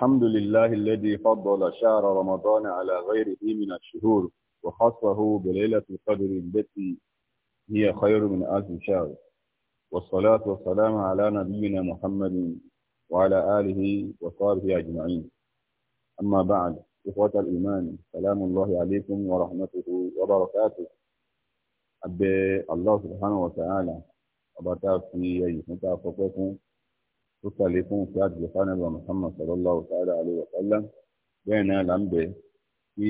الحمد لله الذي فضل شهر رمضان على غيره من الشهور وخصه بليلة القدر التي هي خير من ألف شهر والصلاة والسلام على نبينا محمد وعلى آله وصحبه أجمعين أما بعد إخوة الإيمان سلام الله عليكم ورحمته وبركاته أبي الله سبحانه وتعالى أبتاك في أي متى tó sàlékún sí àjùlọ fánàbà Muhammad sallallahu ta'ala alayhi wa sallam bẹ́ẹ̀ náà là ń bẹ̀ kí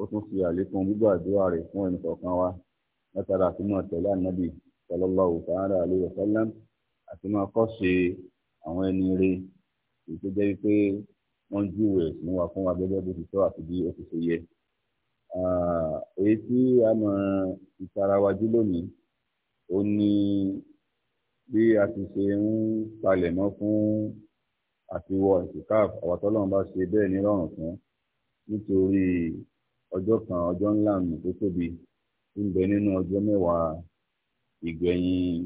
ó tún fi àlékún gbígbà àdúrà rẹ̀ fún ẹnì kọ̀ọ̀kan wa látara àti máa tẹ̀lé ànábì sallallahu ta'ala alayhi wa sallam àti máa kọ́ ṣe àwọn ẹni rẹ̀ èyí tó jẹ́ wípé wọ́n júwe ẹ̀sìn wa fún wa gẹ́gẹ́ bó ti tọ́ àti bí ó ti ṣe yẹ. èyí tí a mọ ìtara wa jù lónìí ó ní bí a ti ṣe ń palẹ̀mọ́ fún àtiwọ́ ìsìkáf àwọn tọ́lọ́run bá ṣe bẹ́ẹ̀ nírọ̀rùn fún nítorí ọjọ́ kan ọjọ́ ńlá mi tó tóbi ń bẹ nínú ọjọ́ mẹ́wàá ìgbẹ̀yìn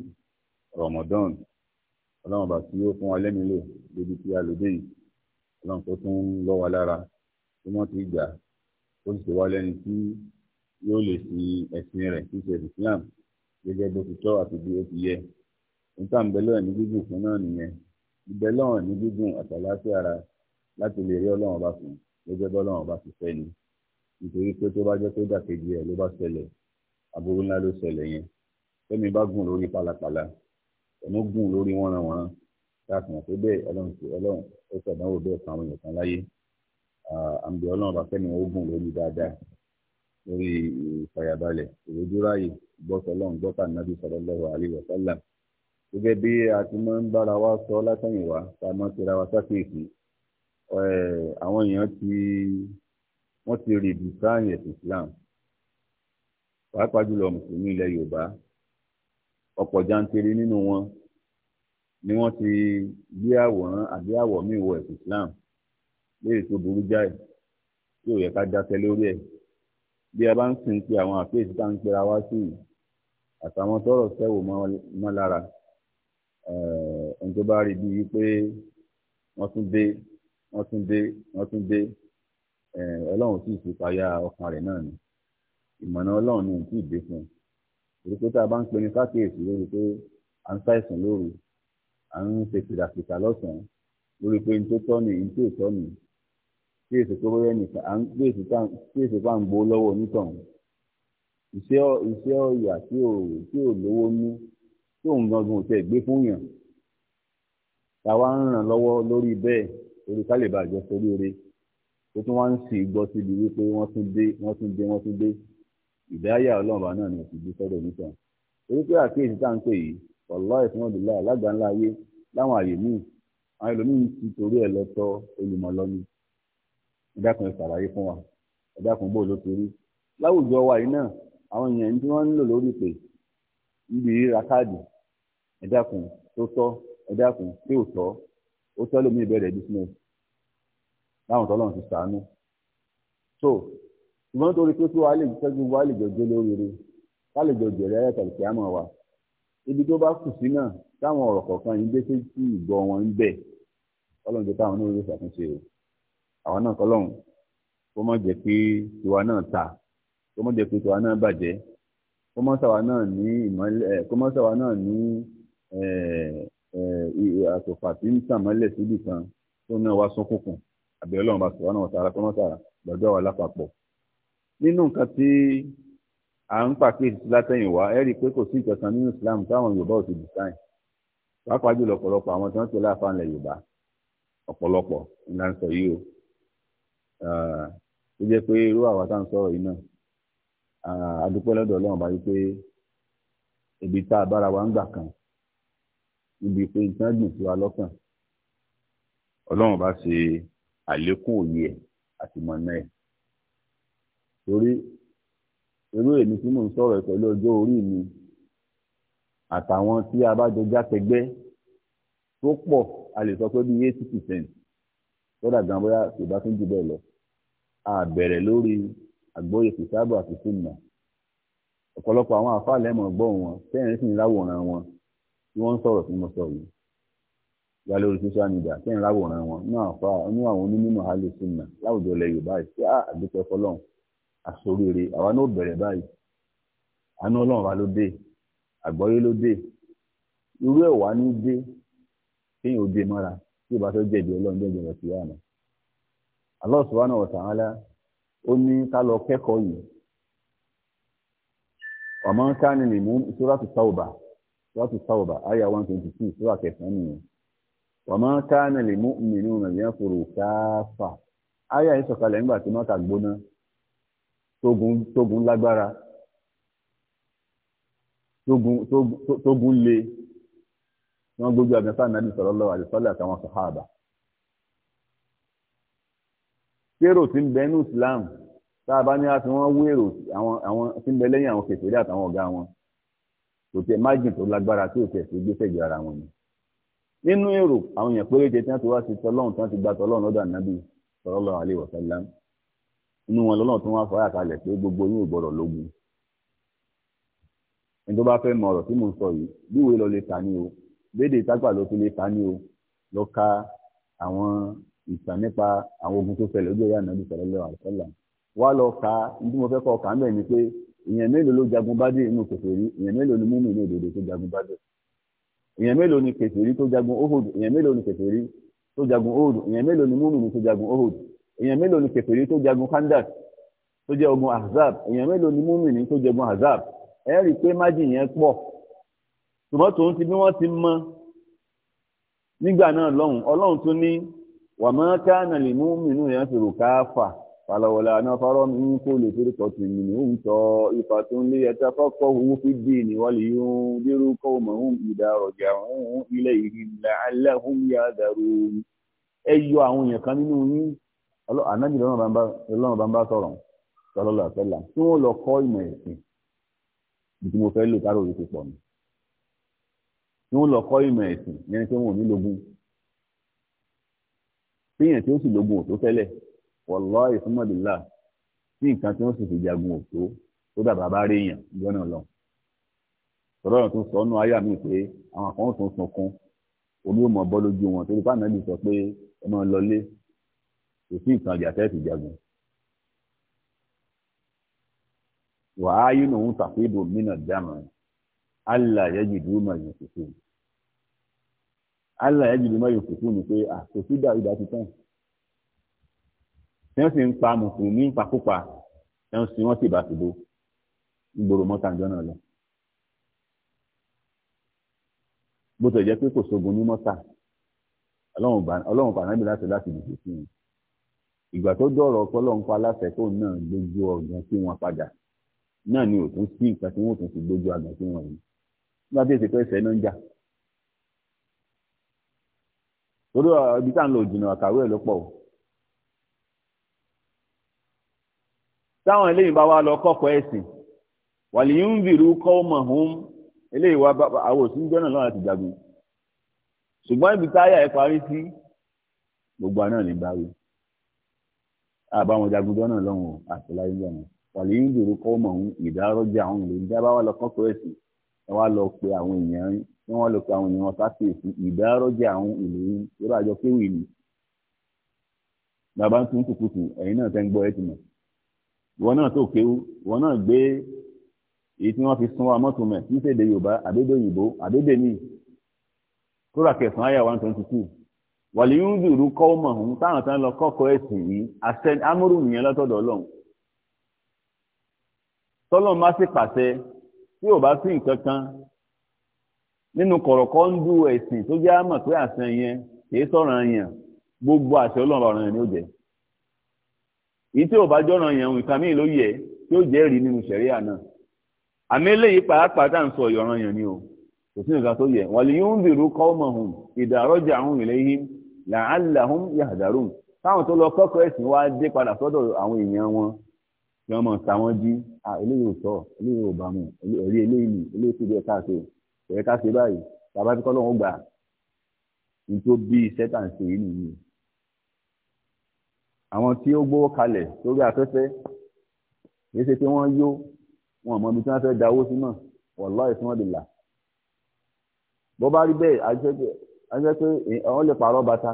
Ramadan ọlọ́run bá tí ó fún wa lẹ́mìí lò débi tí a lò dé yìí ọlọ́run tó tún lọ́ wa lára tí wọ́n ti gbà ó sì ṣe wá lẹ́ni tí yóò lè fi ẹ̀sìn rẹ̀ tí ṣe Islam gẹ́gẹ́ bó ti tọ́ àti bí ó ti yẹ níta ń bẹ lọ́wọ́ ní gígùn fún náà nìyẹn ìbẹ lọ́wọ́ ní gígùn àtàlàáfíà ara láti lè rí ọlọ́run ọba fún gẹ́gẹ́ bọ́ ọlọ́run ọba ti fẹ́ ni nítorí pé tó bá jẹ́ pé dàkejì ẹ̀ ló bá ṣẹlẹ̀ aburú ńlá ló ṣẹlẹ̀ yẹn fẹ́mi bá gùn lórí pálapàla ẹ̀mú gùn lórí wọ́nranwọ́nran láti mọ̀ bẹ́ẹ̀ ọlọ́run ti ọlọ́run ó ṣàdánwò bẹ́ẹ̀ fún àwọn èèyàn kan láyé àǹbẹ̀ ọlọ́run bá fẹ́mi ó gùn lórí dáadáa lórí ìfàyàbalẹ̀ ìrójúráyè gbọ́sọ̀ ọlọ́run gbọ́sà nàbí sallallahu alaihi wasallam gẹ́gẹ́ bí a ti máa ń bára wa sọ látẹ̀yìnwá tá a máa ń tẹ̀ra wa sákèèkì àwọn èèyàn ti wọ́n ti rìdì sáàyàn ẹ̀sìn Islam pàápàá jùlọ mùsùlùmí ilẹ̀ Yorùbá ọ̀pọ̀ jàǹtìrì nínú wọn ni wọ́n ti gbé àwòrán àbí àwọ̀ míì wọ Islam léyìí tó burú jáì tí ò yẹ ká dákẹ́ lórí ẹ̀ bí a bá ń sìn pé àwọn àpèjì tá à ń pera wá sí àtàwọn tọrọ sẹ́wò mọ́ lára. Eh, ẹni tó bá rí bíi wípé wọ́n tún dé wọ́n tún dé wọ́n tún dé eh, ọlọ́run sì ṣèpayà ọkàn rẹ̀ náà ni ìmọ̀nà ọlọ́run ni kì í dé fún un èyí pé tá a bá ń pinnu kákèésì lórí pé à ń ṣàìsàn lóru à ń ṣe kìdàkìtà lọ́sàn-án lórí pé ní tó tọ́ ni ní tó tọ́ ni kí èsì tó bóyá nìkan à ń kí èsì bá ń gbó lọ́wọ́ onítọ̀hún iṣẹ́ iṣẹ́ tí ò lówó ní tóun gangan ò tẹ gbé fún yàn tàwa ń ràn lọ́wọ́ lórí bẹẹ orí ká jọ sórí ore ó tún wá ń sì gbọ́ síbi wípé wọn tún dé wọ́n tún dé wọ́n tún dé ìdáyà ọlọ́ọ̀bá náà ni ò sì nìkan pé tá à yìí láwọn àyè míì àwọn ẹlòmíín ti torí ẹ̀ lọ fún wa bó ẹ dákun tó tọ́ ẹ dákun tí ò tọ́ ó tọ́ lómi ìbẹ̀rẹ̀ business láwọn tọ́lọ́run ti sàánú so ṣùgbọ́n torí pé kí wàá lè tẹ́jú wàá lè jọjọ́ lóríire wàá lè jọjọ́ rẹ̀ ẹ̀rẹ́ tàbí kíámọ̀ wa ibi tó bá kù sí náà táwọn ọ̀rọ̀ kọ̀ọ̀kan yìí dé sí ìgbọ́ wọn ń bẹ̀ ọlọ́run jẹ́ káwọn náà lè ṣàtúnṣe o àwọn náà kọ́lọ́run kó má jẹ́ pé tiwa náà ta kó má jẹ́ pé tiwa náà bàjẹ́ kó má sàwa náà ní ìmọ́lẹ̀ kó má sàwa náà ní Eh, eh, àtòpà tí ń sàmọ́lẹ̀ kan tó náà wá sún àbí ọlọ́run bá sọ̀rọ̀ náà sára kọ́ gbọ́dọ̀ wà lápapọ̀. nínú nǹkan kò sí nínú Islam táwọn Yorùbá ò ti design pàápàá jùlọ ọ̀pọ̀lọpọ̀ àwọn tí wọ́n ti Yorùbá ọ̀pọ̀lọpọ̀ ńlá ń sọ yìí o ah, ó jẹ́ pé irú àwa tá à ń sọ̀rọ̀ yìí náà adúpẹ́ ah, lọ́dọ̀ ọlọ́run pé ibi tá a níbi pé nǹkan dùn sí wa lọ́kàn ọlọ́run bá ṣe àlékún òye ẹ̀ àti mọ̀nà ẹ̀ torí irú èmi tí mò ń sọ̀rọ̀ ẹ̀ pẹ̀lú ọjọ́ orí mi àtàwọn tí a bá jọ jákẹgbẹ́ tó pọ̀ a lè sọ pé bí eighty percent lọ́dà gan bóyá kò bá tún jù bẹ́ẹ̀ lọ a bẹ̀rẹ̀ lórí àgbóyè kìsáàbù àti fúnmà ọ̀pọ̀lọpọ̀ àwọn àfáà lẹ́mọ̀ gbọ́ wọn tẹ́yìn sì ń láwòrán wọn tí wọ́n ń sọ̀rọ̀ tí mo sọ yìí wà lórí social media kí n láwòrán wọn ní àwọn onímọ̀ alẹ́ láwùjọ ilẹ̀ yorùbá yìí sí àdúpẹ́ ah, àsoríire àwa náà bẹ̀rẹ̀ báyìí àánú ọlọ́run wa ló dé àgbọ́yé ló dé irú ẹ̀ wá ní dé kéèyàn ó dé mọ́ra tí ìbá jẹ̀bi ọlọ́run jẹ̀bi lọ kẹ́kọ̀ọ́ yìí ọ̀mọ́ ń ká sọ́ọ̀tù sáwọ̀bà aya one twenty two sọ́wọ́ àkẹsàn-án wa wàmọ́ ka lè mú mìíràn náà lè fòrò káfà àyà yìí sọ̀kalẹ̀ nígbà tí mọ́tà gbóná tógun lágbára tógun tógun wọ́n gbójú àgbẹ̀fà nàbì sallallahu alaihi wasallam àtàwọn sàhábà. kérò tí ń bẹ Islam tá a bá ní a fi wọ́n wérò àwọn tí ń bẹ lẹ́yìn àwọn kò tẹ májìn tó lágbára tí ò tẹ sí gbèsè ju ara wọn ni nínú èrò àwọn èèyàn péréje tí wọn ti wá sí tọlọ́run tí wọn ti gba tọlọ́run lọ́dọ̀ ànábì sallallahu alaihi wasallam inú wọn lọ́lọ́run tí wọn fọyà kalẹ̀ pé gbogbo yín ò gbọ́dọ̀ lógun ẹni tó bá fẹ́ mọ ọ̀rọ̀ tí mo sọ yìí bí lọ lè kà ní o bédè tágbà ló fi lè kà ní o lọ ka àwọn ìtàn nípa àwọn ogun tó ṣẹlẹ̀ ojú ẹ̀yà ànábì sallallahu alaihi wasallam wá lọ ka ní tí mo fẹ́ kọ́ ìyẹn mélòó ló jagun bádé inú kèfèrí ìyẹn mélòó ni múmi ní òdòdó tó jagun bádé ìyẹn mélòó ni kèfèrí tó jagun ohud ìyẹn mélòó ni kèfèrí tó jagun ohud ìyẹn mélòó ni múmi ní tó jagun ohud ìyẹn mélòó ni kèfèrí tó jagun khandak tó jẹ́ ogun ahzab ìyẹn mélòó ni múmi ní tó jagun ahzab ẹ rí i pé májì yẹn pọ̀ ṣùgbọ́n tòun ti bí wọ́n ti mọ nígbà náà lọ́hùn ọlọ́run tún ní wàmọ́ká nàlẹ́ múmi nù yẹn fi rò فلولا نفر من كل فرقة منهم طائفة ليتفقهوا في الدين ولينذروا قومهم إذا رجعوا إليهم لعلهم يعذرون ẹyọ àwọn èèyàn kan nínú yín ànábì lọ́nà bá ń bá sọ̀rọ̀ sọlọ́lá sọlá tí wọ́n lọ kọ́ ìmọ̀ ẹ̀sìn bí mo fẹ́ lò kárò yìí ti pọ̀ tí wọ́n lọ kọ́ ìmọ̀ ẹ̀sìn yẹn tí wọ́n ò ní lógún tí èèyàn tí ó sì lógún ò tó fẹ́lẹ̀ wọ̀lọ́ ìfúnmọ̀dìlá tí nǹkan tí wọ́n sì fi jagun òtó tó dàbà bá rí èèyàn lọ́nà lọ. sọ̀rọ̀ ọ̀rọ̀ tó sọ ọ́nù ayé mi pé àwọn kan tó sunkún omi ò mọ̀ bọ́ lójú wọn torí pàmò ẹ̀dì sọ pé ẹ máa lọlé kò sí ìtàn àjàtẹ́ ti jagun. wàá yín òun tàfíìbò mínà dáná allah yẹ́jì dúró mọ̀ yìí kò sí. allah yẹ́jì dúró mọ̀ yìí kò sí tí wọ́n sì ń pa mùsùlùmí ń pakópa tí wọ́n wọ́n sì bá lọ. bó jẹ́ pé kò sógun ní mọ́tà ọlọ́run bànábì láti láti dìbò sí wọn ìgbà tó dọ̀rọ̀ ọpọlọ́run pa aláṣẹ tó náà gbójú ọ̀gàn sí wọn padà náà ni òtún sí tí wọn ò tún fi gbójú sí wọn yìí nígbà táwọn eléyìí bá wá lọ kọ́kọ́ ẹ̀sìn wàlíyún bìrú kọ́ọ̀mọ̀ hùn eléyìí wá àwọn òsì ń jọ́nà lọ́wọ́ àti jagun ṣùgbọ́n ibi táyà ẹ̀ parí sí gbogbo àná ní báwí àbá wọn jagun jọ́nà lọ́wọ́ àti láyé jọ́nà wàlíyún bìrú kọ́ọ̀mọ̀ hùn ìdárọ́jà àwọn ìlú ìdá bá wà lọ kọ́kọ́ ẹ̀sìn ẹ wá lọ pe àwọn èèyàn rí ẹ wá lọ pe àwọn èèyàn sáfìsì ìdárọ́jà àwọn ìlú rí irú àjọ kéwì ni bàbá ń tún kùkùtù ẹ̀yin náà tẹ́ ń gbọ́ ẹ̀ tì mọ̀ ìwọ náà tó kéwú ìwọ náà gbé èyí tí wọ́n fi sun wa mọ́tò mẹ́ níṣèdè yorùbá àbédè òyìnbó àbédè míì kóra kẹsàn-án àyà one twenty two wàlí ń dùrú kọ́ mọ̀ ọ̀hún táwọn tán lọ kọ́kọ́ ẹ̀sìn yìí àṣẹ amúrù nìyẹn lọ́tọ̀dọ̀ ọlọ́run tọ́lọ́ má sì pàṣẹ tí ò bá sí nǹkan kan nínú kọ̀rọ̀kọ́ ń du ẹ̀sìn tó jẹ́ àmọ̀ pé àṣẹ yẹn kì í sọ̀rọ̀ yẹn gbogbo àṣẹ ọlọ́run ọ̀ràn yẹn ni ó jẹ́ èyí tí ò bá jọ̀ràn yẹn nǹkan míì ló yẹ tí ó jẹ́rìí nínú sẹ̀ríà náà àmì eléyìí pàápàá tá à ń sọ ìyọ̀ràn yẹn ni o kò sí nǹkan tó yẹ wàlí yóò ń bèrú kọ́mọ̀hún ìdàrọ́jà àwọn ìlẹ́yìn làálàhún yàdàrún táwọn tó lọ kọ́kọ́ ẹ̀sìn wá dé padà sọ́dọ̀ àwọn èèyàn wọn kí wọ́n mọ̀ ta wọ́n jí eléyìí ò sọ eléyìí ò bá mu àwọn tí ó gbówó kalẹ̀ sórí afẹ́fẹ́ kìí ṣe pé wọ́n yó wọn mọ ibi tí wọ́n fẹ́ da owó sí náà wọ̀lọ́ ẹ̀sìn wọn lè là bó bá rí bẹ́ẹ̀ a jẹ́ pé wọ́n lè pààrọ̀ bàtà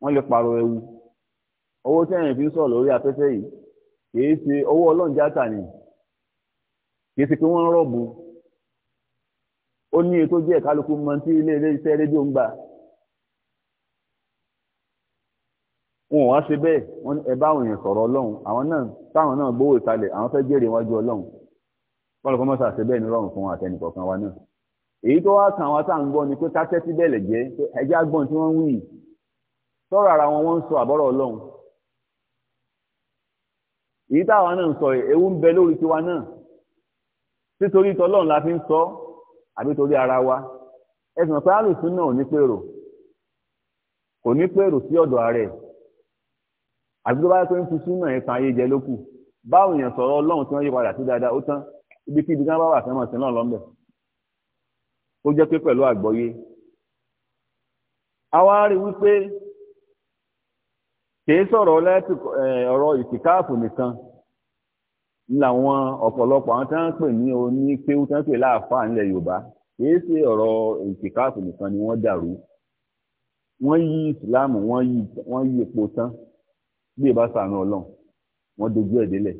wọ́n lè pààrọ̀ ẹ̀wù owó tẹ̀yìn fi ń sọ̀rọ̀ lórí afẹ́fẹ́ yìí kìí ṣe owó ọlọ́njàtà ni kìí ṣe pé wọ́n rọ̀bù ó ní ètò jẹ́ kálukú mọ tí ilé ilé iṣẹ́ rédíò ń gbà wọn ò wá ṣe bẹ́ẹ̀ wọn ẹ bá àwọn èèyàn sọ̀rọ̀ ọlọ́run àwọn náà táwọn náà gbowó ìsàlẹ̀ àwọn fẹ́ jèrè iwájú ọlọ́run bọ́ọ̀lù kọ́ mọ́sà ṣe bẹ́ẹ̀ ní rọrùn fún àtẹnì kọ̀ọ̀kan wa náà èyí tó wá kan àwọn tá gbọ́ ni pé ká tẹ́tí bẹ́ẹ̀ lẹ̀ jẹ́ ẹjẹ́ agbọ́n tí wọ́n ń wí sọ̀rọ̀ ara wọn wọ́n ń sọ àbọ̀rọ̀ ọlọ́run èyí táwa náà ń sọ ewu ń bẹ lórí tiwa náà títorí tọlọ́run la fi ń sọ àbí torí ara wa ẹ̀sìn pé alùsùn náà ò ní pèrò kò ní pèrò sí ọ̀dọ̀ ààrẹ àti tó bá yẹ pé ń fi súnà ẹ̀sán ayé jẹ lókù báwo èèyàn sọ̀rọ̀ ọlọ́run tí wọ́n yí padà sí dáadáa ó tán ibi tí ibi kan bá wà sẹ́mọ̀ sí náà lọ́mbẹ̀ ó jẹ́ pé pẹ̀lú àgbọ́yé àwa rí wípé kìí sọ̀rọ̀ ọ̀rọ̀ ìtìkáàfù nìkan làwọn ọ̀pọ̀lọpọ̀ àwọn tí wọ́n ń pè ní oníkéwú tí wọ́n ń pè láàfáà nílẹ̀ Yorùbá kìí ṣe ọ̀rọ̀ ìtìkáàfù nìkan ni wọ́n dàrú wọ́n yí ìsìláàmù wọ́n yí epo tán bí ìbá sàánú ọlọ́run wọ́n dojú ẹ̀ délẹ̀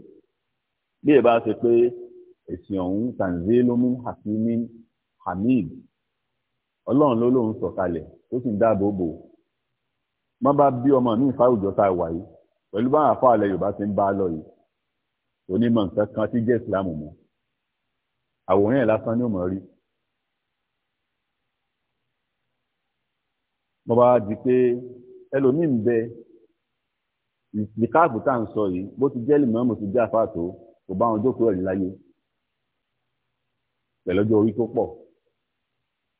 bí ìbá ṣe pé ẹ̀sìn ọ̀hún tanzilomin hakimin hamid ọlọ́run ló lóun sọ̀kalẹ̀ tó sì ń dáàbò bò má bá bí ọmọ mi ìfáwùjọ tá a wà yìí pẹ̀lú bá àfa àlẹ́ yorùbá ti ń bá a lọ yìí onímọ̀ nǹkan kan tí jẹ́ ìsìlámù mọ́ àwòrán ẹ̀ lásán ni ó mọ̀ rí mo bá di pé ẹlòmíì ń bẹ ìkáàbù tá à ń sọ yìí bó ti jẹ́ lèmọ́ mo ti jẹ́ àfáà tó kò bá wọn jókòó ẹ̀rí láyé pẹ̀lọ́jọ́ orí tó pọ̀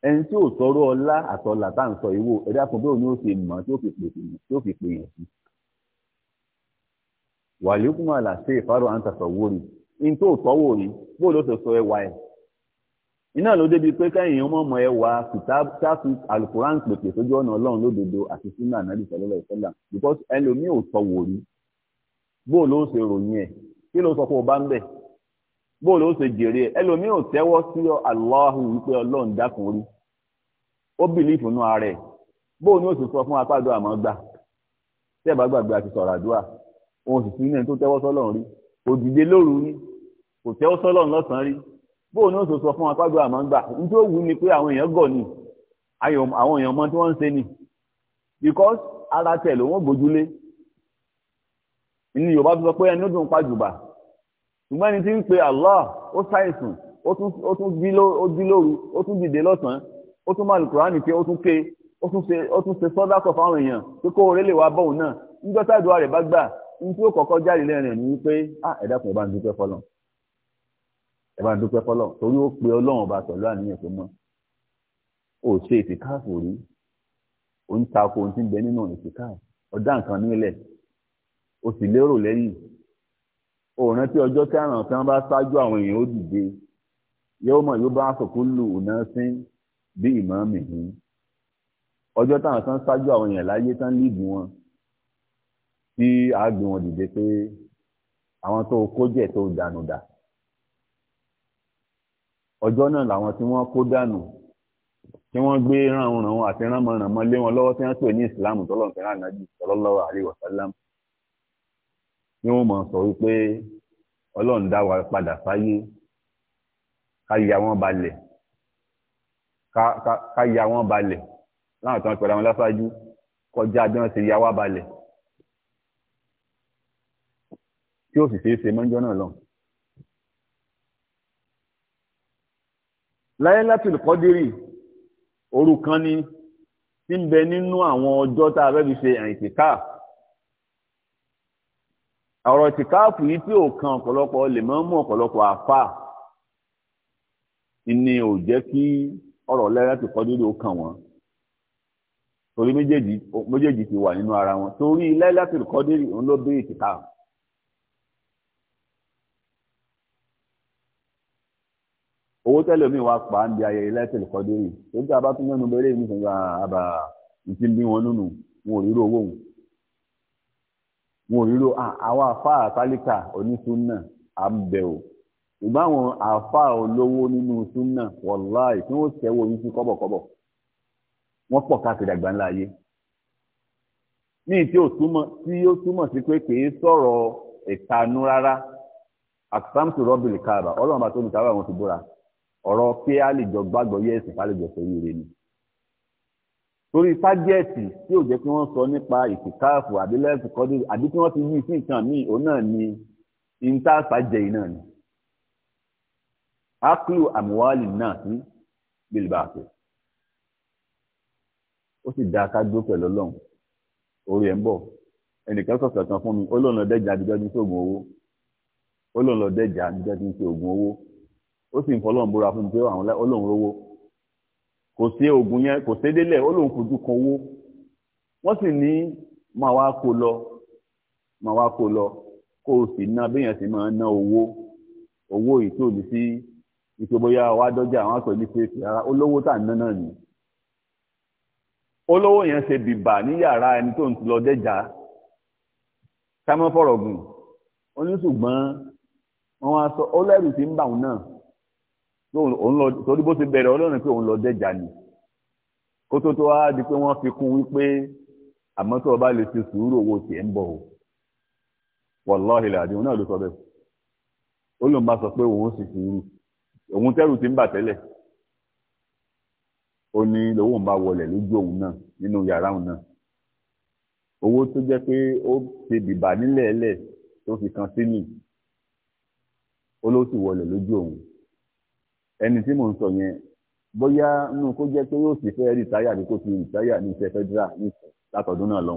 ẹni tí ò tọrọ ọlá àtọlà tá à ń sọ yìí wò ẹ̀dá kan bẹ́ẹ̀ ni ó ṣe mọ̀ tí ó fi pè tí ó fi pè yàn sí. wàlíkùn àlàṣe ìfárò à ń ni ní tó tọ́wò ni bó ló ṣe sọ ẹwà ẹ̀ iná ló débi pé kẹ́yìn ọmọ ọmọ ẹ wà sáfù alukuran pèpè sójú ọ̀nà ọlọ́run lódodo àti sunna anabi sallallahu alaihi wasallam because ẹlòmíì ò sọ ṣe ròyìn ẹ kí ló sọ pé o bá ń bẹ bó ló ṣe jèrè ẹ ẹlòmíì ò tẹ́wọ́ sí wípé ọlọ́run dákun rí ó bìlífù nù ara ẹ sọ fún apá àdúrà gbà tí ẹ bá gbàgbé àti òun bóò ní o fún wọn pàgbé àmọ́ ń gbà nítorí ó wù ní pé àwọn èèyàn gọ̀ ni àwọn èèyàn mọ tí wọ́n ń ṣe ni because ara tẹ̀ ló ń gbójúlé ní Yorùbá tó sọ pé ẹni ó dùn pàjùbà ṣùgbọ́n ẹni tí ń pe Allah ó ṣàìsùn ó tún jí lóru ó tún dìde lọ́sàn-án ó tún máa lùkùránì pé ó tún ké ó tún ṣe sọ́dá kọ̀ fáwọn èèyàn pé wá náà bá ẹ bá dúpẹ́ fọlọ́ torí ó pe ọlọ́run ọba pẹ̀lú àníyàn tó mọ́ ò ṣe ìtìkáàfù rí ó ń takò ohun tí ń bẹ nínú ìtìkáàfù ọ̀dá nǹkan nílẹ̀ ó sì lérò lẹ́yìn ó rántí ọjọ́ tí àràn tí wọ́n bá ṣáájú àwọn èèyàn ó dìde yóò mọ̀ yóò bá àsòkò lù ọ̀nà sí bí ìmọ̀ mìíràn ọjọ́ táwọn tán ṣáájú àwọn èèyàn láyé tán líìgì wọn tí àgbè dìde pé àwọn tó kó jẹ tó dànù dà ọjọ́ náà làwọn tí wọ́n kó dànù tí wọ́n gbé ránran àti ránmọ̀rànmọ́ lé wọn lọ́wọ́ tí wọ́n pè ní ìsìláàmù tọ́lọ́run fẹ́ràn ànábì sallallahu alaihi wasallam ni wọ́n mọ̀ sọ wípé ọlọ́run dá wa padà sáyé ká ya wọ́n balẹ̀ ká ya wọ́n balẹ̀ láwọn tí wọ́n pẹ̀lú àwọn lásájú kọjá bí wọ́n ti ya wá balẹ̀ tí ó sì ṣeé ṣe mọ́jọ́ náà lọ́hùn. láyélátìlì kọ́dírì òru kan ni tí ń bẹ nínú àwọn ọjọ́ tá a fẹ́ fi ṣe àìtìká ọ̀rọ̀ tìkáàfù yìí tí ò kan ọ̀pọ̀lọpọ̀ lè máa ń mú ọ̀pọ̀lọpọ̀ àfà ni ò jẹ́ kí ọ̀rọ̀ láyélátìlì kọ́dírì ó kàn wọ́n torí méjèèjì ti wà nínú ara wọn torí láyélátìlì kọ́dírì òun ló bí ìtìkáàfù. owó tẹ́lẹ̀ mi wá pa á ń bi ayẹyẹ lẹ́tẹ̀lẹ̀ kọ́dé yìí tó gbà bá tún mẹ́nu bẹ́rẹ̀ mi sọ̀rọ̀ àbà ìtì bí wọn nùnù wọn ò ríro owó wọn wọn ò ríro àwọn àfa àtàlíkà onísúnà à ń bẹ̀ o ṣùgbọ́n àwọn àfa olówó nínú súnà wọ̀láì tí wọ́n ṣẹ́wọ́ yín sí kọ́bọ̀kọ́bọ̀ wọ́n pọ̀ káàkiri àgbáńlá ayé ní tí ó tí ó túmọ̀ sí pé kì í sọ̀rọ̀ ìtanú rárá àtàmùsùn rọ́bìlì káàbà ọlọ́run bá tó ní ọ̀rọ̀ pé a lè jọ gbàgbọ́ yẹ́sì ká lè jọ sórí ire ni torí tágẹ́ẹ̀tì tí ò jẹ́ kí wọ́n sọ nípa ìtìkáàfù àbílẹ́sì kọ́dí àbí tí wọ́n ti yí sí nǹkan míì òun náà ni intaṣàjẹ iná ni aklu amuwali náà sí bilbaasi ó sì dáa ká dúró pẹ̀lú ọlọ́run orí ẹ̀ ń bọ̀ ẹnìkan sọ̀tọ̀ kan fún mi ó lóun lọ dẹ́jà àbíjọ́ ní owó ó lóun lọ dẹ́jà àbíjọ́ ní owó ó sì ń fọ́ lọ́n búra fún mi pé àwọn olóhùn rówó kò sí oògùn yẹn kò sí délẹ̀ olóhùn fojú kan owó wọ́n sì ní máa wá kó lọ máa wá kó lọ kó o sì ná béèyàn sì máa ná owó owó yìí tó ní sí ìpè bóyá dọ́jà àwọn àpè ní fèsì rárá olówó tà ń náà ni olówó yẹn ṣe bìbà ní yàrá ẹni tó ń lọ dẹ́jà ká gùn ó wọ́n wá sọ ó lẹ́rù ń bà òun náà òun lọ torí bó ti bẹ̀rẹ̀ ọlọ́run pé òun lọ dẹ́jà ni kó tó tó wá di pé wọ́n fi kún wípé àmọ́ tó o bá lè ṣe sùúrù owó tiẹ̀ ń bọ̀ o wàláhì làdí òun náà ló sọ bẹ́ẹ̀ ó lòun bá sọ pé òun sì sùúrù òun tẹ́rù ti ń bà tẹ́lẹ̀ ó ní lòun bá wọlẹ̀ lójú òun náà nínú yàrá òun náà owó tó jẹ́ pé ó ti dìbà nílẹ̀ẹ́lẹ̀ tó fi kan sínú ó ló sì wọlẹ̀ lójú òun. ẹni tí mò ń sọ yẹn bóyá nù kó jẹ́ pé yóò sì fẹ́ rìtáyà àbí kó rìtáyà ní ní náà lọ.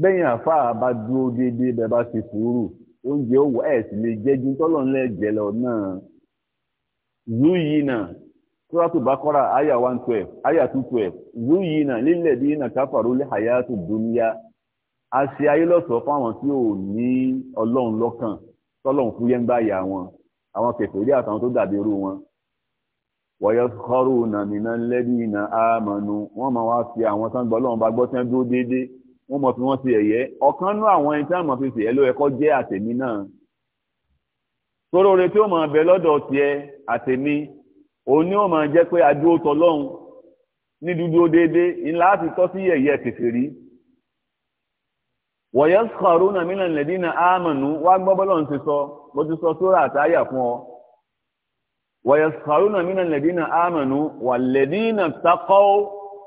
bẹ́yìn àfáà bá dúró bẹ́ẹ̀ bá ti sùúrù oúnjẹ ó wà ẹ̀ sì lè jẹ́ tọ́lọ̀ ńlẹ̀ jẹ lọ náà. zuyina suratu one twelve a ṣe ayé lọ́sọ̀ọ́ fáwọn tí ò ní ọlọ́run lọ́kàn àwọn kèfèrí àtàwọn tó dàbí irú wọn wayaskhuruna minal ladina amanu wọ́n máa wá fi àwọn tán gbọ́ lọ́wọ́n bá gbọ́ tí wọ́n dúró déédéé wọ́n mọ̀ fi wọ́n ti ẹ̀yẹ́ ọ̀kan nú àwọn ẹni tí wọ́n mọ̀ fi fìyẹ́ ló ẹ̀kọ́ jẹ́ àtẹ̀mí náà torí oore tí ó máa bẹ lọ́dọ̀ tiẹ̀ àtẹ̀mí òun ni ó máa jẹ́ pé adúró tọlọ́hun ní dúdú déédéé ńlá ti tọ́ sí ẹ̀yẹ́ kèfèrí wọ̀yẹ́sọ̀rọ̀ náà mílẹ̀ lẹ́dí na ámànú wá gbọ́bọ́lọ̀ ń ti sọ bó ti sọ sórí àtàyà fún ọ wọ̀yẹ́sọ̀rọ̀ náà mílẹ̀ lẹ́dí na ámànú wà lẹ́dí na takọ́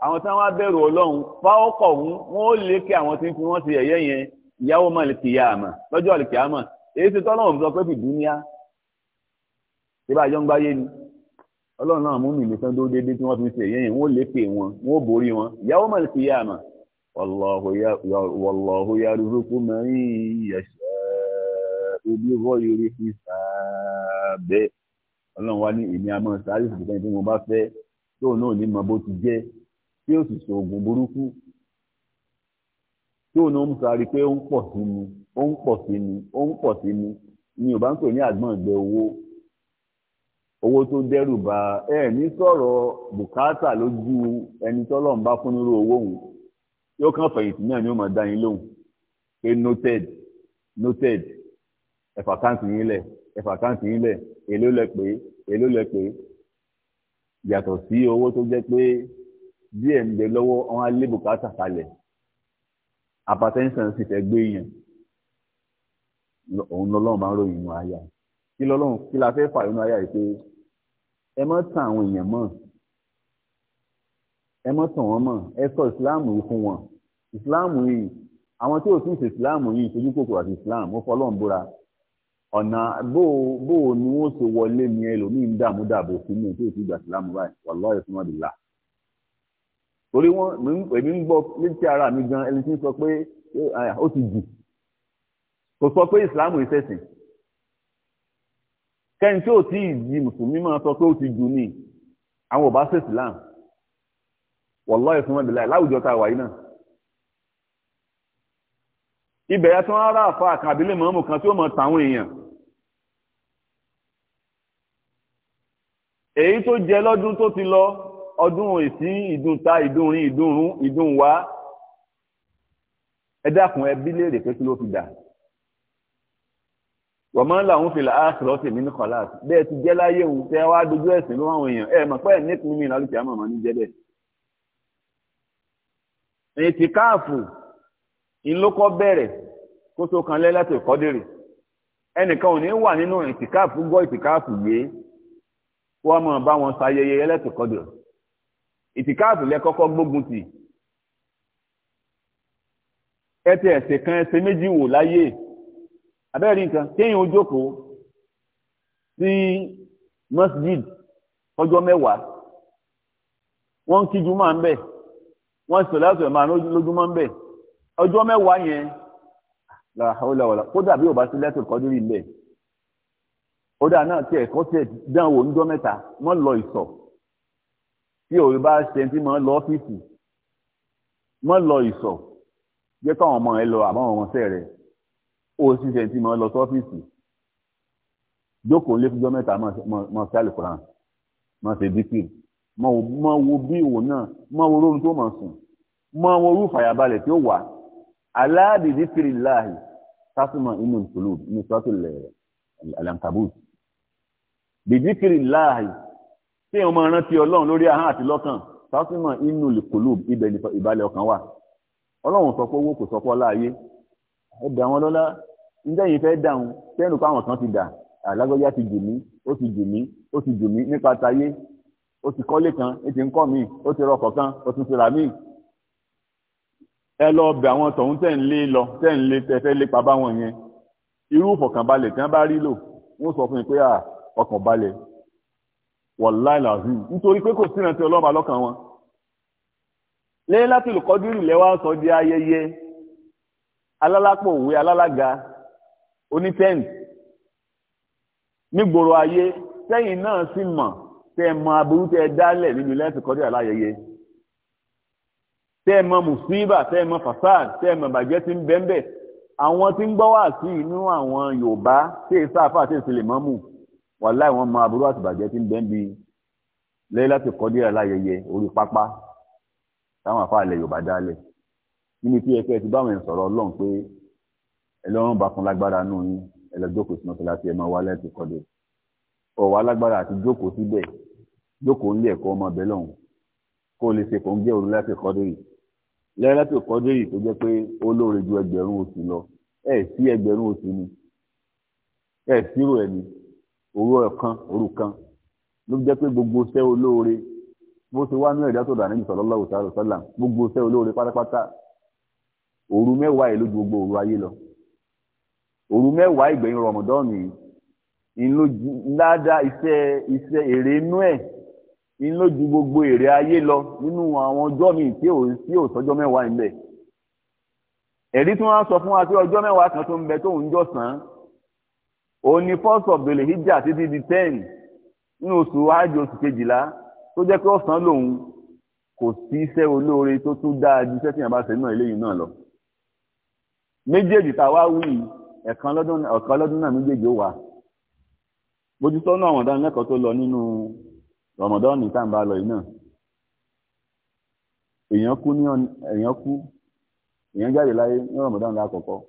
àwọn tí wọ́n bẹ̀rù ọlọ́run fáwọ́kọ̀ wọn ó lékè àwọn tí wọ́n ti yẹ̀yẹ́ yẹn ìyàwó máa lè kìyà àmà lọ́jọ́ lè àmà èyí ti tọ́lọ́run sọ pé fi dúníà tí bá yọ ń gbáyé ni ọlọ́run náà mú mi nìkan dó déédéé tí wọ́n fi ń ṣe yẹn wọ́n lékè wọn wọ́n borí wọn ìyàwó máa lè kìyà àmà والله yarzuqu man يشاء bighayri hisab ọlọ́run wá ní èmi àmọ́ sáré fún ìpínlẹ̀ tí mo bá fẹ́ tóun náà ní mọ bó ti jẹ́ tí ó sì ṣoògùn burúkú tóun náà ń sáré pé ó ń pọ̀ sí mi ó ń pọ̀ sí mi ó ń pọ̀ sí mi ni ò bá ń pè ní àgbọ̀ǹgbẹ owó owó tó dẹ́rù bà ẹ̀ ní sọ̀rọ̀ bùkátà lójú ẹni tọ́lọ́run bá fún nírú owó òun yóò kàn fẹ̀yìntì náà ni ó máa dá yín lóhùn pé noted noted ẹ̀fà káǹtì yín lẹ̀ ẹ̀fà káǹtì yín lẹ̀ èló lẹ pé èló lẹ pé yàtọ̀ sí owó tó jẹ́ pé díẹ̀ ń bẹ lọ́wọ́ wọn á lé bùkátà kalẹ̀ hypertension sì fẹ́ gbé yẹn òun lọ́lọ́run máa ń ròyìn inú àyà kí lọ́lọ́run kí la fẹ́ fà inú àyà yìí pé ẹ má tan àwọn èèyàn mọ́ ẹ mọ́ tàn wọ́n mọ̀ ẹ sọ ìsìláàmù yìí fún wọn ìsìláàmù yìí àwọn tí ò tún ṣe ìsìláàmù yìí ṣojú kòkòrò àti ìsìláàmù ó fọlọ́n búra ọ̀nà bó bó ni wọ́n ṣe wọlé ni ẹlòmíín dààmú dààbò fún mi tí ò tún gbà ìsìláàmù báyìí wàlọ́ọ̀ ẹ̀sùn náà dìlà torí wọn èmi ń gbọ́ létí ara mi gan ẹni tí ń sọ pé ó ti jù kò sọ pé ìsìláàmù ìṣẹ̀sìn kẹ́ni tí ò tí ì di mùsùlùmí máa sọ pé ó ti jù ni àwọn ò bá ṣe wọ̀lọ́ ìfún ẹ̀bìlá láwùjọ ta wà yìí náà ibẹ̀ ya tí wọ́n rá àfá àkàn àbílẹ̀ mọ́mù kan tí ó mọ̀ tàwọn èèyàn èyí tó jẹ lọ́dún tó ti lọ ọdún ìsí ìdúnta ìdúnrin ìdúnrún ìdúnwá ẹ dákun ẹbí léèrè pé kí ló fi dà wọ̀mọ́ làwọn fìlà áàkìrọ̀ tèmi ní kọ̀láàsì bẹ́ẹ̀ ti jẹ́ láyé òun tẹ́ wá dojú ẹ̀sìn lọ́wọ́ èèyàn ẹ̀ mọ̀ pé ẹ̀ ní ìpínlẹ̀ ìlàlùkì àmọ̀mọ́ ní jẹ́ bẹ́ẹ̀ ìtìkáàfù ìlókọ́ bẹ̀rẹ̀ kó tó kan lẹ́lẹ́tò kọ́dìrì ẹnìkan ò ní wà nínú ìtìkáàfù gbọ́ ìtìkáàfù yé kó wọ́n máa bá wọn ṣayẹyẹ ẹlẹ́tò kọ́dìrì ìtìkáàfù lẹ kọ́kọ́ gbógun tì ẹ ti ẹ̀sẹ̀ kan ẹsẹ̀ méjì wò láyé abẹ́rẹ́ nǹkan kéèyàn ó jókòó sí masjid ọjọ́ mẹ́wàá wọ́n ń kíjú máa ń bẹ̀ wọ́n sọ láti ẹ̀ máa lójúmọ́ ń bẹ̀ ọjọ́ mẹ́wàá yẹn làhàólàwàlà kódà bí ò bá sí lẹ́tọ̀ kọ́dúrì ilẹ̀ kódà náà tiẹ̀ kọ́ tiẹ̀ dán wò níjọ́ mẹ́ta wọ́n lọ ìsọ̀ tí òwe bá ṣe tí mo ń lọ ọ́fíìsì wọ́n lọ ìsọ̀ jẹ́ káwọn ọmọ ẹ lọ àmọ́ àwọn ọmọọṣẹ́ rẹ̀ ó sì ṣe tí mo ń lọ sọ́fíìsì jókòó lé fúnjọ́ mẹ́ta mọ̀ sí àlùkò náà mọ̀ sí dípìlì mọ wo bí ìwò náà mọ wo lóhun tó mọ̀ sùn mọ wo orú fàyàbalẹ̀ tí ó wà aláàbìdí fìrì láàyè sásùmọ̀ inú ìṣòlù ní sọ́tìlẹ̀ alankabut bìdí fìrì láàyè tí èèyàn máa rántí ọlọ́run lórí ahọ́n àti lọ́kàn sásùmọ̀ inú ìṣòlù ibẹ̀ ìbalẹ̀ ọkàn wà ọlọ́run sọ pé owó kò sọ pé ọlá ayé ẹ dà wọn lọ́lá ǹjẹ́ yìí fẹ́ dáhùn tẹ́nu káwọn kan ti dà alágbèjà ti jù mí ó ti jù mí ó ti jù mí nípa tayé ó ti kọ́lé kan ó ti ń kọ́ míì ó ti rọkọ̀ kan ó ti ti rà míì ẹ lọ bẹ àwọn tọ̀hún tẹ̀ ń lé lọ tẹ̀ ń lé tẹ̀ fẹ́ lépa báwọn yẹn irú ìfọ̀kànbalẹ̀ tí wọ́n bá rí lò wọ́n sọ fún mi pé à ọkàn balẹ̀ wọ̀láì làzim nítorí pé kò sí ìrántí ọlọ́ọ̀bà lọ́kàn wọn lẹ́yìn láti lùkọ́dúrì lẹ́wà sọ di ayẹyẹ alálàpọ̀ òwe alálàga onítẹ̀ǹtì nígboro ayé sẹ́yìn náà sì mọ̀ tẹ́ ẹ mọ aburú tẹ́ ẹ dálẹ̀ nínú lẹ́sìn kọ́dí aláyẹyẹ tẹ́ ẹ mọ mùsíbà tẹ́ ẹ mọ fasad tẹ́ ẹ mọ bàjẹ́ tí ń bẹ́ńbẹ́ àwọn tí ń gbọ́ wà sí inú àwọn Yorùbá tí èsà àfà àti èsì lè mọ́ mù wàláì wọ́n mọ aburú àti bàjẹ́ tí ń bẹ́ńbi lẹ́yìn láti kọ́dí aláyẹyẹ orí pápá táwọn àfà ilẹ̀ Yorùbá dálẹ̀ nínú tí ẹkẹ ti báwọn sọ̀rọ̀ Ọlọ́run pé ẹlọ́run bá fún lágbára nù yín ẹlẹ́jókòó sí mọ́tò láti ẹ máa wá àti jókòó síbẹ̀ jókòó nílé ẹ̀kọ́ ọmọ ọbẹ̀ lọ́hùn kó lè ṣe kóńgẹ́ òru láti kọ́dírì láti kọ́dírì tó jẹ́ pé ó lóore ju ẹgbẹ̀rún oṣù lọ ẹ̀ sí ẹgbẹ̀rún oṣù ni ẹ̀ sírò ẹ̀ ni òru ọ̀kan òru kan ló jẹ́ pé gbogbo iṣẹ́ olóore bó ṣe wá ní ẹ̀dá tó dà níbi sallallahu ta'ala sallam gbogbo iṣẹ́ olóore pátápátá òru mẹ́wàá yìí ló ju gbogbo òru ayé lọ òru mẹ́wàá ìgbẹ̀yìn rọ̀mọ̀dọ́ọ̀nù yìí ńlá iṣẹ́ iṣẹ́ èrè inú ẹ̀ ń lójú gbogbo èrè ayé lọ nínú àwọn ọjọ́ míì tí ò sí òsọjọ́ mẹ́wàá ńbẹ̀ ẹ̀rí tí wọ́n á sọ fún wa pé ọjọ́ mẹ́wàá kan tó ń bẹ tóun jọ sàn án òun ni first of bele hijab títí di ten nínú oṣù ájò oṣù kejìlá tó jẹ́ pé ọ̀sán lòun kò sí iṣẹ́ olóore tó tún dáa ju iṣẹ́ tí yàrá bá ṣe náà eléyìí náà lọ méjèèjì tá a wá wí ẹ̀kan lọ́dún náà méjèèjì ó wà bójútó náà àwọn ìdánilẹ́kọ̀ọ́ tó lọ nínú Ramadan ní tàǹbà lọ yìí náà èèyàn kú ní èèyàn kú èèyàn jáde láyé ní Ramadan lákọ̀ọ́kọ́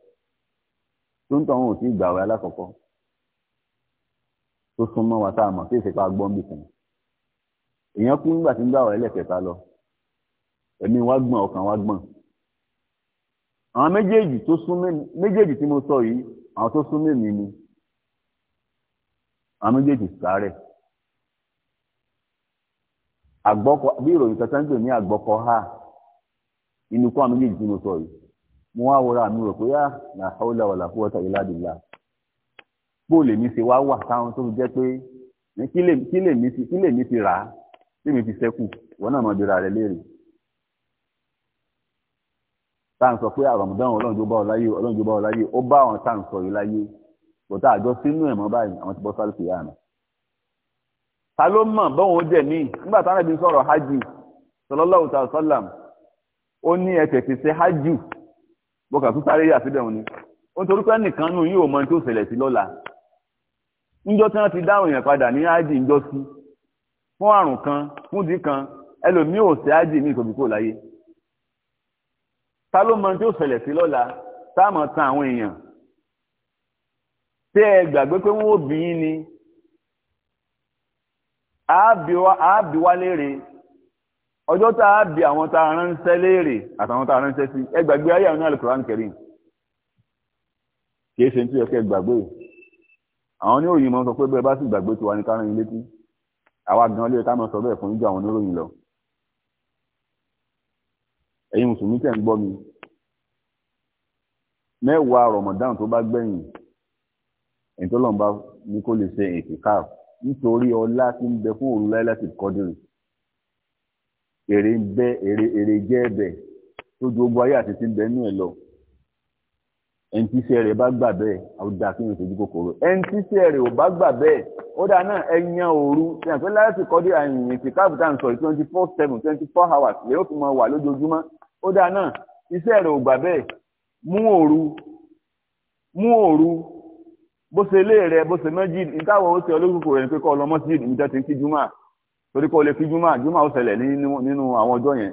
tó ń tọ́ wọn ò tí ì gbàwé alákọ̀ọ́kọ́ tó sún mọ́ wa tá a mọ̀ sí ìfipá gbọ́n bì kan èèyàn kú nígbà tí ń gbàwé ẹlẹ́kẹta lọ ẹ̀mí wa gbọ̀n ọkàn wa gbọ̀n àwọn méjèèjì tó sún méjèèjì tí mo sọ yìí àwọn tó sún mẹ́mìí ni àwọn méjèèjì sáré àgbọ́kọ bí ìròyìn kan sáńgbè ní àgbọ́kọ ha inú kó àmì méjì tí mo sọ yìí mo wá wọra àmì rò pé ah nà áwòlà wà lápò wọ́tà yìí ládìlá bó lè mi ṣe wá wà táwọn tó fi jẹ́ pé kí lè mi ti rà á tí mi fi ṣẹ́kù wọ́n náà mọ̀ bí ra rẹ̀ léèrè tá à ń sọ pé àrọ̀mùdán ọlọ́run jó bá ọ láyé ọlọ́run jó bá ọ láyé ó bá àwọn tá à ń sọ yìí láyé kò àjọ sínú ẹ̀ mọ́ báyìí àwọn ti bọ́ sálùkù yára náà. ta ló mọ̀ bọ́wọ́n ó jẹ̀ mí nígbà táwọn ẹbí sọ̀rọ̀ hajj sallallahu ta'ala sallam ó ní ẹ tètè ṣe hajj bọ́kà tó sáré yà síbẹ̀ wọn ni ó torí pé nìkan nù yóò mọ ní tó ṣẹlẹ̀ sí lọ́la níjọ́ tí ti dáhùn yẹn padà ní hajj níjọ́ sí fún àrùn kan fún kan ẹlòmíì ò ṣe hajj ní ìkòbí kò láyé ta ló mọ sí lọ́la tan àwọn èèyàn àábí wá léèrè ọjọ́ tá a bí àwọn tá a ránṣẹ́ léèrè àtàwọn tá a ránṣẹ́ sí ẹ gbàgbé ayé àwọn Al-Qur'an Karim kìí ṣe tí ọkẹ́ gbàgbé àwọn ní òyìnbó sọ pé bẹ́ẹ̀ bá sì gbàgbé tiwa ní kárán ilé tí àwa gan lè ká máa sọ bẹ́ẹ̀ fún ìjọ àwọn oníròyìn lọ ẹ̀yin mùsùlùmí tẹ̀ ń gbọ́ mi mẹ́wàá Ramadan tó bá gbẹ̀yìn èyí tó lọ́nba ní kó lè ṣe ètìkáàfù nítorí ọlá tí ń bẹ fún òru láìláti kọdìrì èrè ń bẹ èrè èrè jẹ ẹbẹ tó ju ogun ayé àti ti ń bẹ nú ẹ lọ ẹni tí iṣẹ́ rẹ̀ bá gbà bẹ́ẹ̀ àwùjá kí n ṣojú kòkòrò ẹni tí iṣẹ́ rẹ̀ ò bá gbà bẹ́ẹ̀ ó dáa náà ẹyàn òru ṣe àpẹ láìláti kọdí àyìn ìtì káàbù tá à ń sọ twenty four seven twenty four hours lè ó fi máa wà lójoojúmọ́ ó dáa náà iṣẹ́ rẹ̀ ò gbà bẹ́ẹ̀ mú òru mú òru bó ṣe ilé rẹ bó ṣe mẹ́jìd ìtawọ̀ ó ṣe olókùnkùn rẹ ni pé kọ́ ọ lọ mọ́síjìd níbi tẹ́ ti ń kí júmọ́ torí kọ́ ọ lè kí júmọ́ júmọ́ ó ṣẹlẹ̀ nínú àwọn ọjọ́ yẹn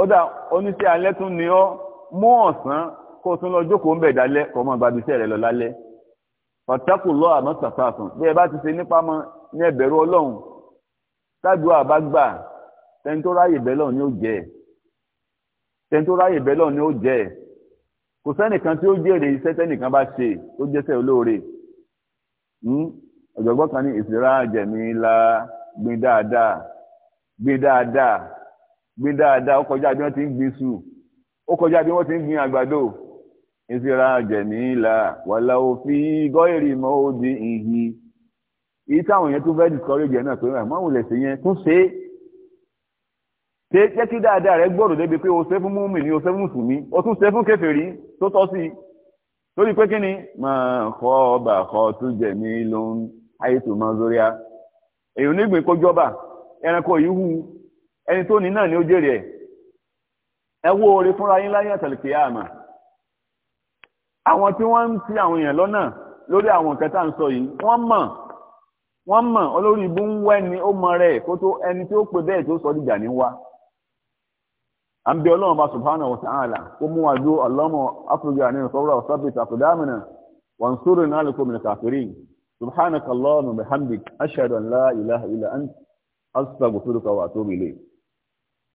ó dà oníṣẹ́ alẹ́ tún ni ọ́ mú ọ̀sán kó o tún lọ jókòó ń bẹ̀ dálẹ́ kọ́ ọmọ ìgbàgbé iṣẹ́ rẹ lọ lálẹ́ pàtàkù lọ àmọ́ sàfàfàn bí ẹ bá ti ṣe nípa mọ́ ní ẹbẹ̀rù ọlọ́run tájúwà bá gbà tẹni tó ráyè bẹ́ẹ̀ lọ́run kò sẹ́nìkan tí ó jèrè iṣẹ́ tẹ́nìkan bá ṣe ó jẹ́sẹ̀ olóore hmm? ọ̀jọ̀gbọ́n kan ní ìsira jẹ̀mí la gbin dáadáa gbin dáadáa gbin dáadáa ó kọjá bí wọ́n ti ń gbin iṣu ó kọjá bí wọ́n ti ń gbin àgbàdo ìsira jẹ̀mí la wàlá òfin gọ́ìrì mọ́ ó di ìhì èyí táwọn èèyàn tún fẹ́ discourage ẹ̀ náà pé mọ́wùlẹ̀ sí yẹn tún ṣe é ṣe jẹ́ kí dáadáa rẹ gbọ́dọ̀ débi pé o ṣe fún múmi ni o ṣe fún mùsùlùmí o tún ṣe fún kèfèrí tó tọ́ sí i torí pé kí ni máa kọ́ ọba kọ́ tó jẹ̀ mí ló ayé tó máa zórí a èèyàn nígbìn kó jọba ẹranko yìí hu ẹni tó ní náà ni ó jèrè ẹ ẹ wo oore fúnra yín láyé àtàlùkè àmà àwọn tí wọ́n ń ti àwọn èèyàn lọ́nà lórí àwọn nǹkan tá à ń sọ yìí wọ́n mọ̀ wọ́n mọ̀ olórí ibú ń wẹ́ni ó mọ rẹ̀ kó tó ẹni tí ó pe bẹ́ẹ̀ tó sọ dìjà ní wa à ń bẹ ọlọ́run bá subhanahu wa ta'ala ó mú wa dúró allahumma afrika ní ìfọwọ́rọ̀ ọ̀sábìtì àkùdámìnà wọn sórí náà lè kó mi kàfírí subhanaka allahumma bihamdik ashhadu an la ilaha illa ant astaghfiruka wa atubu ilayk